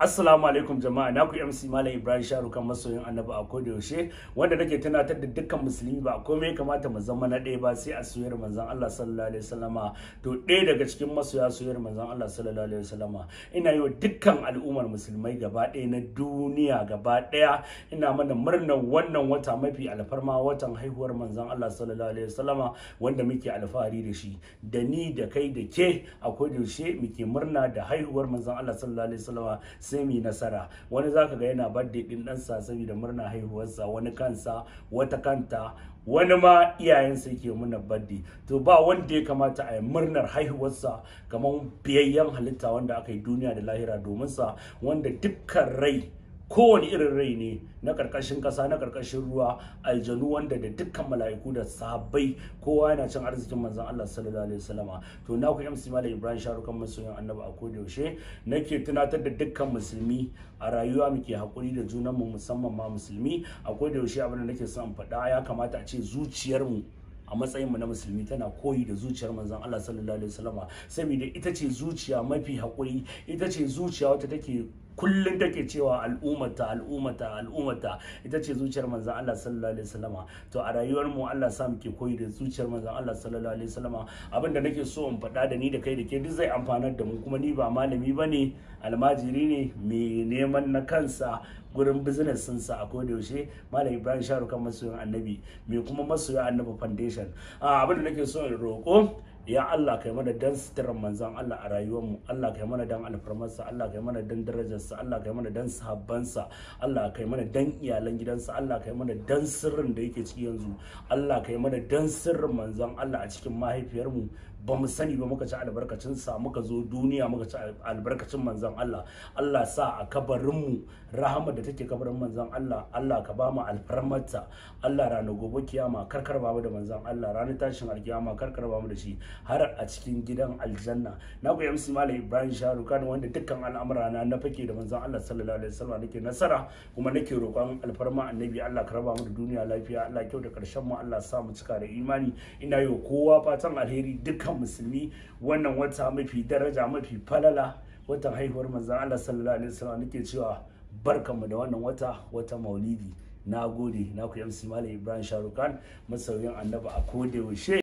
Assalamu alaikum jama'a na ku MC Malam Ibrahim kan masoyin Annabi a koda yaushe wanda nake tunatar da dukkan musulmi ba komai kamata mu zama na ɗaya ba sai a soyayya manzon Allah sallallahu alaihi wasallama to ɗaya daga cikin masoya soyayya manzon Allah sallallahu alaihi wasallama ina yi wa dukkan al'ummar musulmai gaba ɗaya na duniya gaba ɗaya ina mana murnar wannan wata mafi alfarma watan haihuwar manzon Allah sallallahu alaihi wasallama wanda muke alfahari da shi da ni da kai da ke a koda yaushe muke murna da haihuwar manzon Allah sallallahu alaihi wasallama sai mu nasara wani zaka ga yana birthday din ɗansa saboda murna haihuwarsa wani kansa wata kanta wani ma iyayensa yake muna birthday to ba wanda ya kamata a yi murnar haihuwarsa kamar biyayyen halitta wanda aka yi duniya da lahira domin sa wanda dukkan rai kowane irin rai ne na karkashin ƙasa na karkashin ruwa aljanu wanda da dukkan mala'iku da sahabbai kowa yana cin arzikin manzon Allah sallallahu alaihi wasallama to na ku MC Malam Ibrahim Sharukan masoyin Annabi a koda yaushe nake tunatar da dukkan musulmi a rayuwa muke hakuri da junan mu musamman ma musulmi a koda yaushe abin da nake son faɗa ya kamata a ce zuciyar mu a matsayin mu na musulmi tana koyi da zuciyar manzon Allah sallallahu alaihi wasallama saboda ita ce zuciya mafi hakuri ita ce zuciya wata take kullum take cewa al'ummata al'ummata al'ummata ita ce zuciyar manzon Allah sallallahu alaihi wasallama to a rayuwar mu Allah sa muke koyi da zuciyar manzon Allah sallallahu alaihi wasallama abinda nake so in faɗa da ni da kai da ke duk zai amfanar da mu kuma ni ba malami bane almajiri ne mai neman na kansa gurin business sun sa a koda yaushe malam ibrahim sharukan masoyin annabi mai kuma masoyin annabi foundation ah, abin da nake so in roko. ya Allah kai mana dan sitirar manzan Allah a mu Allah kai mana dan alfarmarsa Allah kai mana dan darajarsa Allah kai mana dan sahabbansa Allah kai mana dan iyalan gidansa Allah kai mana dan sirrin da yake ciki yanzu Allah kai mana dan sirrin manzan Allah a cikin mahaifiyarmu ba mu sani ba muka ci albarkacin sa muka zo duniya muka ci albarkacin manzan Allah Allah sa a kabarinmu rahama da take kabarin manzan Allah Allah ka ba mu alfarmarta Allah ranar gobe kiyama karkar ba mu da manzan Allah ranar tashin alkiyama karkar ba da shi har a cikin gidan aljanna na ku yamsi malam ibrahim sharukan wanda dukkan al'amura na na fake da manzon allah sallallahu alaihi wasallam nake nasara kuma nake roƙon alfarma annabi allah ka mu da duniya lafiya allah kyau da karshen mu allah sa mu cika da imani ina yi kowa fatan alheri dukkan musulmi wannan wata mafi daraja mafi falala watan haihuwar manzon allah sallallahu alaihi wasallam nake cewa barkanmu da wannan wata wata maulidi na gode na ku yamsi malam ibrahim sharukan masauyin Annabi a koda yaushe